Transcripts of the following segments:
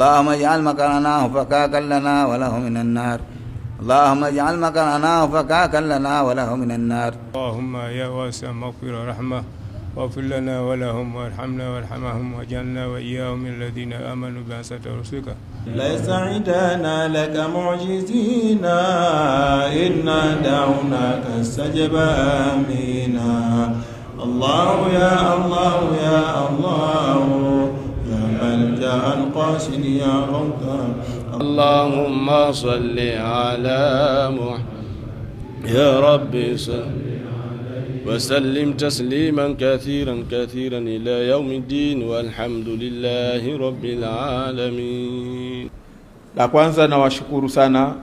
اللهم اجعل مكاننا فكاكا لنا وله من النار اللهم اجعل مكاننا فكاكا لنا وله من النار اللهم يا واسع مغفر رحمه واغفر لنا ولهم وارحمنا وارحمهم واجعلنا واياهم من الذين امنوا بعثة رسلك ليس عندنا لك معجزينا انا دعوناك استجب امينا الله يا الله يا الله جاء القاسم يا روضا اللهم صل على محمد يا رب صل وسلم تسليما كثيرا كثيرا الى يوم الدين والحمد لله رب العالمين. La kwanza nawashukuru sana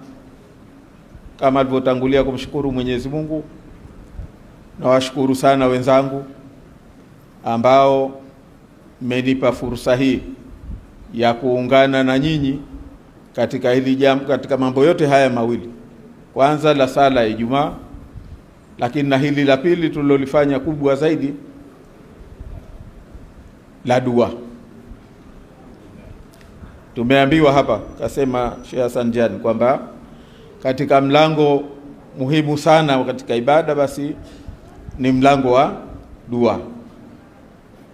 kama alivyotangulia kumshukuru Mwenyezi Mungu, nawashukuru sana wenzangu ambao mmenipa fursa hii ya kuungana na nyinyi katika hili jambo, katika mambo yote haya mawili, kwanza la sala ya Ijumaa, lakini na hili la pili tulilolifanya kubwa zaidi la dua. Tumeambiwa hapa, kasema Sheikh Hassan Jan kwamba katika mlango muhimu sana katika ibada basi ni mlango wa dua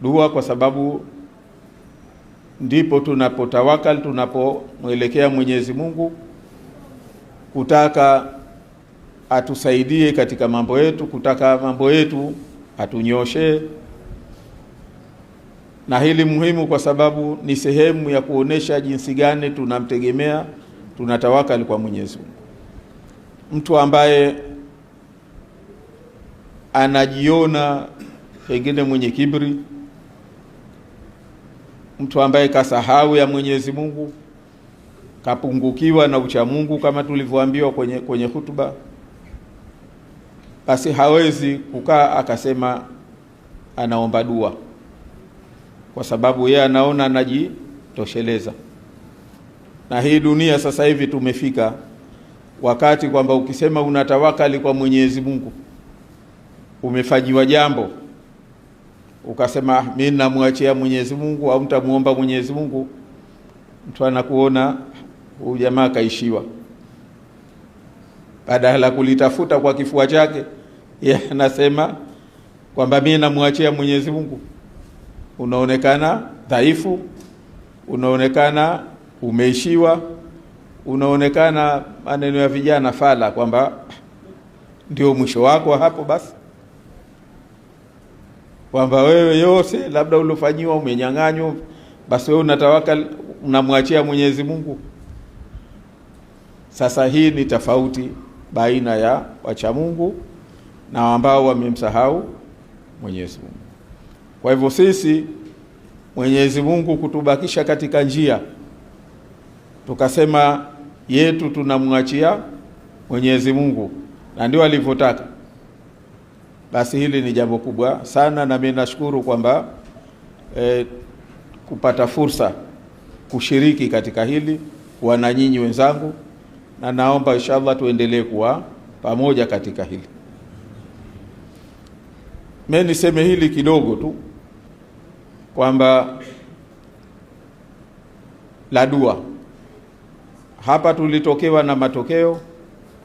dua, kwa sababu ndipo tunapotawakal, tunapomwelekea Mwenyezi Mungu kutaka atusaidie katika mambo yetu, kutaka mambo yetu atunyoshe. Na hili muhimu, kwa sababu ni sehemu ya kuonesha jinsi gani tunamtegemea, tunatawakal kwa Mwenyezi Mungu. Mtu ambaye anajiona pengine mwenye kiburi mtu ambaye kasahau ya Mwenyezi Mungu, kapungukiwa na ucha mungu kama tulivyoambiwa kwenye, kwenye hutuba, basi hawezi kukaa akasema anaomba dua, kwa sababu yeye anaona anajitosheleza. Na hii dunia sasa hivi tumefika wakati kwamba ukisema unatawakali kwa Mwenyezi Mungu umefanyiwa jambo ukasema mi namwachia Mwenyezi Mungu au mtamuomba Mwenyezi Mungu, mtu anakuona huyu jamaa kaishiwa, badala kulitafuta kwa kifua chake, yeye anasema kwamba mi namwachia Mwenyezi Mungu. Unaonekana dhaifu, unaonekana umeishiwa, unaonekana maneno ya vijana fala, kwamba ndio mwisho wako hapo basi kwamba wewe yote labda ulofanyiwa umenyang'anywa, basi wewe unatawakal, unamwachia Mwenyezi Mungu. Sasa hii ni tofauti baina ya wacha Mungu na ambao wamemsahau Mwenyezi Mungu. Kwa hivyo sisi Mwenyezi Mungu kutubakisha katika njia, tukasema yetu tunamwachia Mwenyezi Mungu, na ndio alivyotaka basi hili ni jambo kubwa sana, na mimi nashukuru kwamba e, kupata fursa kushiriki katika hili kuwa na nyinyi wenzangu, na naomba inshallah tuendelee kuwa pamoja katika hili. Mimi niseme hili kidogo tu kwamba la dua hapa tulitokewa na matokeo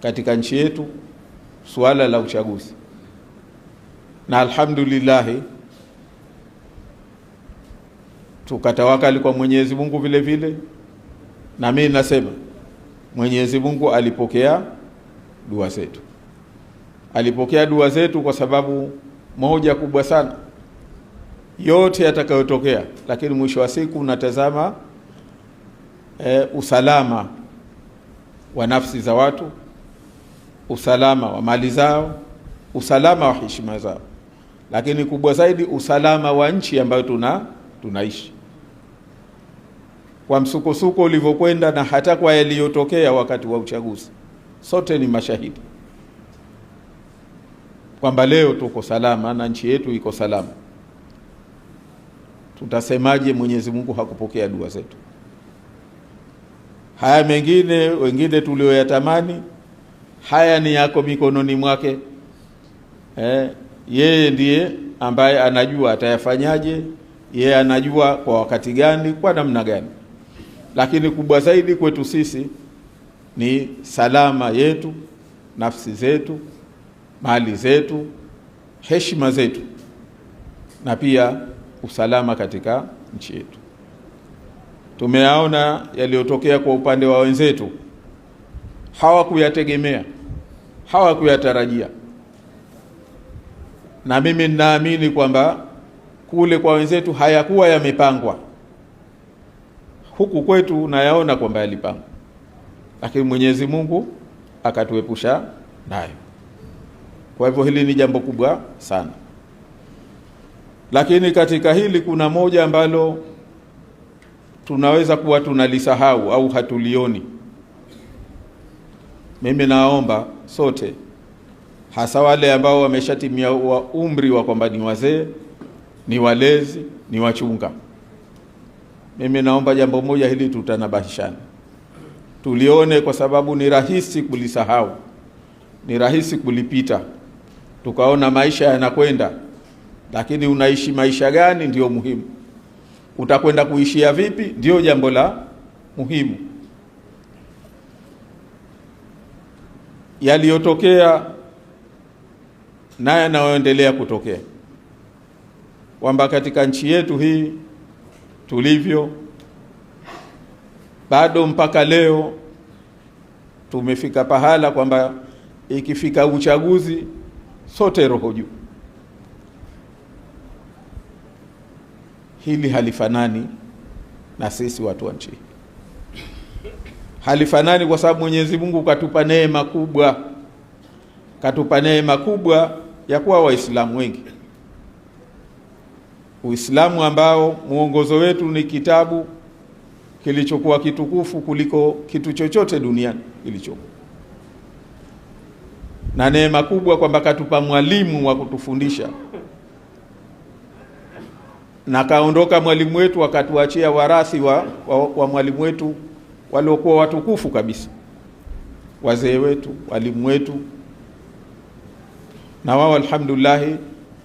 katika nchi yetu, suala la uchaguzi na alhamdulillahi tukatawakali kwa Mwenyezi Mungu vile vile. Na mimi nasema Mwenyezi Mungu alipokea dua zetu, alipokea dua zetu kwa sababu moja kubwa sana, yote yatakayotokea, lakini mwisho wa siku unatazama e, eh, usalama wa nafsi za watu, usalama wa mali zao, usalama wa heshima zao lakini kubwa zaidi usalama wa nchi ambayo tuna tunaishi kwa msukosuko ulivyokwenda na hata kwa yaliyotokea wakati wa uchaguzi, sote ni mashahidi kwamba leo tuko salama na nchi yetu iko salama. Tutasemaje Mwenyezi Mungu hakupokea dua zetu? Haya mengine wengine tulioyatamani, haya ni yako mikononi mwake eh yeye ndiye ambaye anajua atayafanyaje, yeye anajua kwa wakati gani, kwa namna gani. Lakini kubwa zaidi kwetu sisi ni salama yetu, nafsi zetu, mali zetu, heshima zetu, na pia usalama katika nchi yetu. Tumeyaona yaliyotokea kwa upande wa wenzetu, hawakuyategemea, hawakuyatarajia na mimi ninaamini kwamba kule kwa wenzetu hayakuwa yamepangwa, huku kwetu nayaona kwamba yalipangwa, lakini Mwenyezi Mungu akatuepusha nayo. Kwa hivyo hili ni jambo kubwa sana, lakini katika hili kuna moja ambalo tunaweza kuwa tunalisahau au hatulioni. Mimi naomba sote hasa wale ambao wameshatimia wa umri wa kwamba ni wazee, ni walezi, ni wachunga. Mimi naomba jambo moja hili, tutanabahishana tulione, kwa sababu ni rahisi kulisahau, ni rahisi kulipita, tukaona maisha yanakwenda, lakini unaishi maisha gani ndiyo muhimu. Utakwenda kuishia vipi ndiyo jambo la muhimu. Yaliyotokea na yanayoendelea kutokea, kwamba katika nchi yetu hii tulivyo, bado mpaka leo tumefika pahala kwamba ikifika uchaguzi sote roho juu. Hili halifanani na sisi watu wa nchi halifanani, kwa sababu Mwenyezi Mungu katupa neema kubwa, katupa neema kubwa ya kuwa Waislamu wengi, Uislamu ambao mwongozo wetu ni kitabu kilichokuwa kitukufu kuliko kitu chochote duniani kilichokuwa na neema kubwa kwamba katupa mwalimu wa kutufundisha na kaondoka mwalimu wetu akatuachia warathi wa, wa, wa mwalimu wetu waliokuwa watukufu kabisa, wazee wetu, walimu wetu na wao alhamdulillahi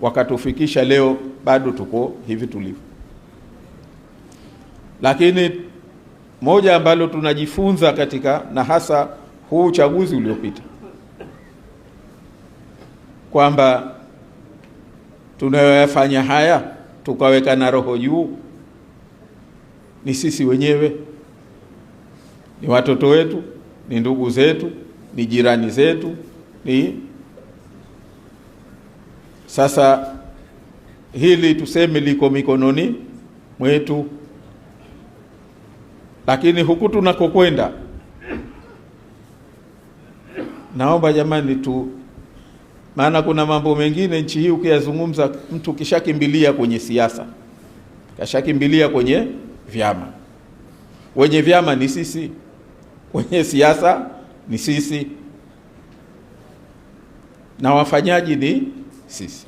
wakatufikisha leo, bado tuko hivi tulivyo. Lakini moja ambalo tunajifunza katika na hasa huu uchaguzi uliopita kwamba tunayoyafanya haya tukaweka na roho juu, ni sisi wenyewe, ni watoto wetu, ni ndugu zetu, ni jirani zetu, ni sasa hili tuseme liko mikononi mwetu, lakini huku tunakokwenda, naomba jamani tu, maana kuna mambo mengine nchi hii ukiyazungumza, mtu kishakimbilia kwenye siasa, kashakimbilia kwenye vyama. Wenye vyama ni sisi, wenye siasa ni sisi, na wafanyaji ni sisi.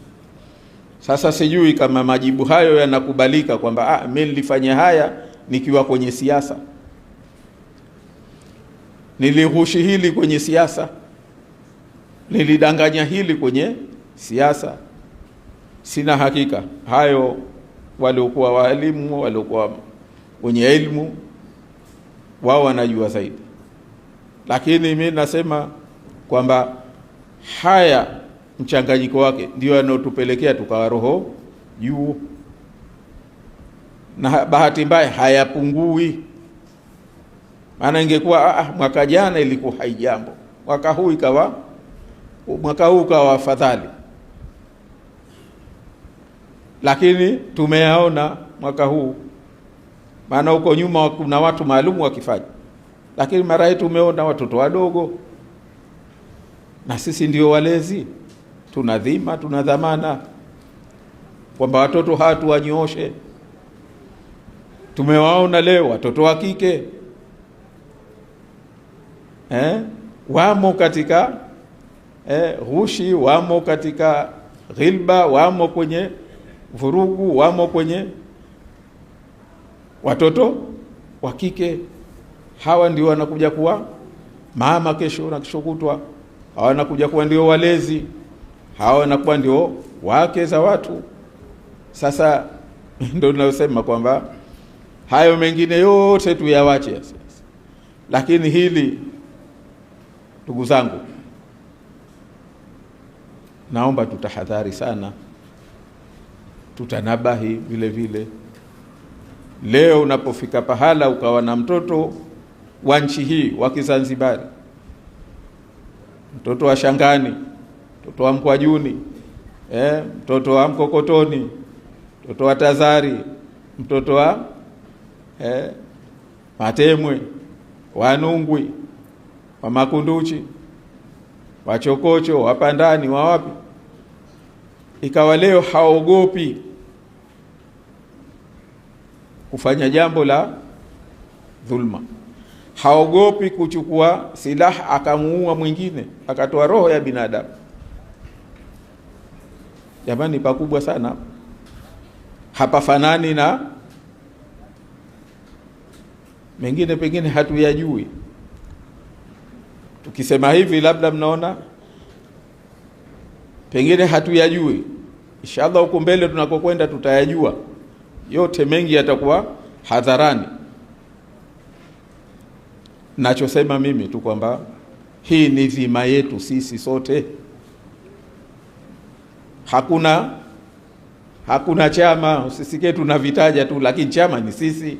Sasa sijui kama majibu hayo yanakubalika kwamba ah, mimi nilifanya haya nikiwa kwenye siasa, nilighushi hili kwenye siasa, nilidanganya hili kwenye siasa. Sina hakika hayo, waliokuwa waalimu, waliokuwa wenye elimu wao wanajua zaidi, lakini mimi nasema kwamba haya mchanganyiko wake ndio yanayotupelekea tukawa roho juu, na bahati mbaya hayapungui. Maana ingekuwa ah, ah, mwaka jana ilikuwa haijambo, mwaka huu ikawa mwaka huu ukawa afadhali, lakini tumeyaona mwaka huu. Maana huko nyuma kuna watu maalumu wakifanya, lakini mara hii tumeona watoto wadogo, na sisi ndio walezi tuna dhima, tuna dhamana kwamba watoto hawa tuwanyooshe. Tumewaona leo watoto wa kike eh, wamo katika eh, ghushi, wamo katika ghilba, wamo kwenye vurugu, wamo kwenye watoto wa kike hawa ndio wanakuja kuwa mama kesho na kesho kutwa, hawa wanakuja kuwa ndio walezi hao wanakuwa ndio wake za watu. Sasa ndio tunasema kwamba hayo mengine yote tuyawache sasa, lakini hili ndugu zangu, naomba tutahadhari sana, tutanabahi vile vile. Leo unapofika pahala ukawa na mtoto wa nchi hii wa Kizanzibari, mtoto wa Shangani mtoto wa mkwajuni eh, mtoto wa mkokotoni, mtoto wa tazari, mtoto wa eh, matemwe, wanungwi, wa makunduchi, wachokocho, wapandani, wa wapi. Ikawa leo haogopi kufanya jambo la dhulma, haogopi kuchukua silaha akamuua mwingine, akatoa roho ya binadamu jamani, pakubwa sana, hapafanani na mengine, pengine hatuyajui. Tukisema hivi, labda mnaona pengine hatuyajui. Inshallah, huko mbele tunakokwenda tutayajua yote, mengi yatakuwa hadharani. Nachosema mimi tu kwamba hii ni dhima yetu sisi sote hakuna hakuna chama, usisikie tunavitaja tu, lakini chama ni sisi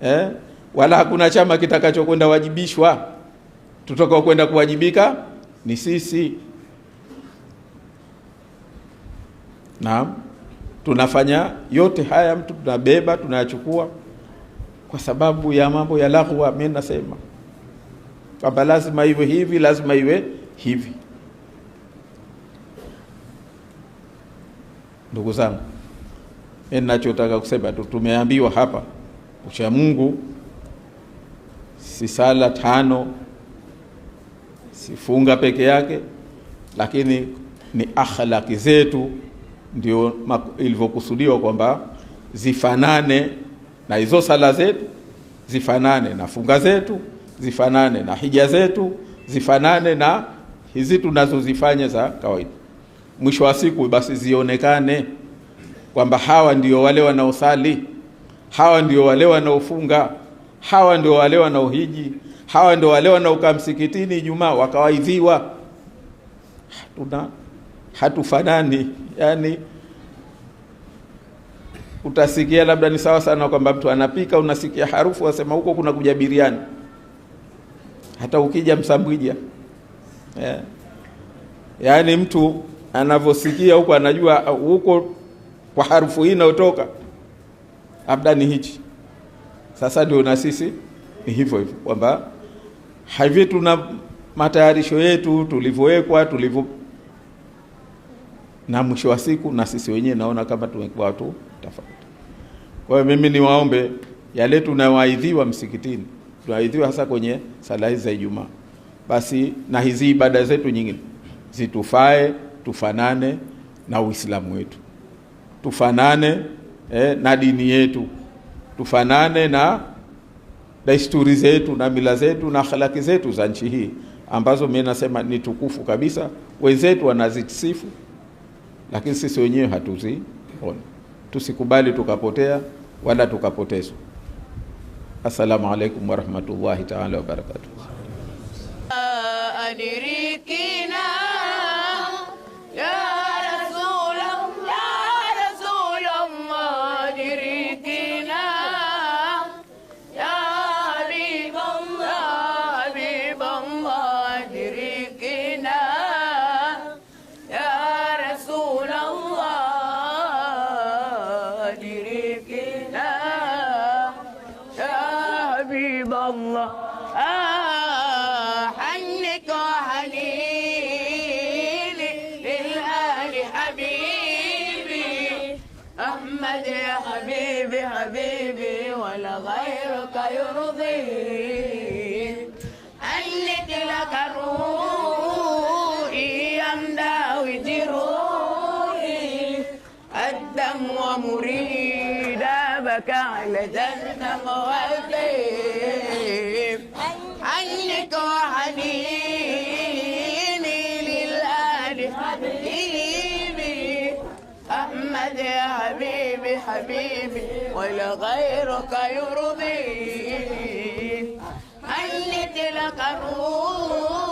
eh? Wala hakuna chama kitakachokwenda wajibishwa, tutoka kwenda kuwajibika ni sisi. Naam, tunafanya yote haya, mtu tunabeba, tunayachukua kwa sababu ya mambo ya laghwa. Mimi nasema kwamba lazima iwe hivi, lazima iwe hivi. Ndugu zangu, ninachotaka kusema tu, tumeambiwa hapa ucha Mungu si sala tano, si funga peke yake, lakini ni akhlaki zetu ndio ilivyokusudiwa kwamba zifanane na hizo sala zetu, zifanane na funga zetu, zifanane na hija zetu, zifanane na hizi tunazozifanya za kawaida mwisho wa siku basi zionekane kwamba hawa ndio wale wanaosali, hawa ndio wale wanaofunga, hawa ndio wale wanaohiji, hawa ndio wale wanaokaa msikitini Ijumaa wakawaidhiwa. Hatuna, hatufanani. Yani utasikia labda ni sawa sana kwamba mtu anapika, unasikia harufu, wasema huko kuna kuja biriani. Hata ukija Msambwija, yeah. Yaani mtu anavyosikia huko, anajua huko kwa harufu hii inayotoka labda ni hichi. Sasa ndio na sisi ni hivyo hivyo kwamba hivi tuna matayarisho yetu tulivyowekwa tulivyo, na mwisho wa siku na sisi wenyewe naona kama tumekuwa watu tofauti. Kwa hiyo mimi niwaombe yale tunawaidhiwa msikitini, tunawaidhiwa hasa kwenye sala hizi za Ijumaa, basi na hizi ibada zetu nyingine zitufae tufanane na Uislamu wetu, tufanane eh, na dini yetu, tufanane na desturi zetu na mila zetu na akhlaki zetu za nchi hii ambazo mimi nasema ni tukufu kabisa. Wenzetu wanazisifu, lakini sisi wenyewe ona Tusikubali tukapotea wala tukapotezwa. Assalamu alaikum warahmatullahi taala wabarakatuh. حبيبي ولا غيرك يرضي قلت لك يا مداوي وجروحي الدم ومريد بكى على جنة حبيبي ولا غيرك يرضيني هلت لك الروح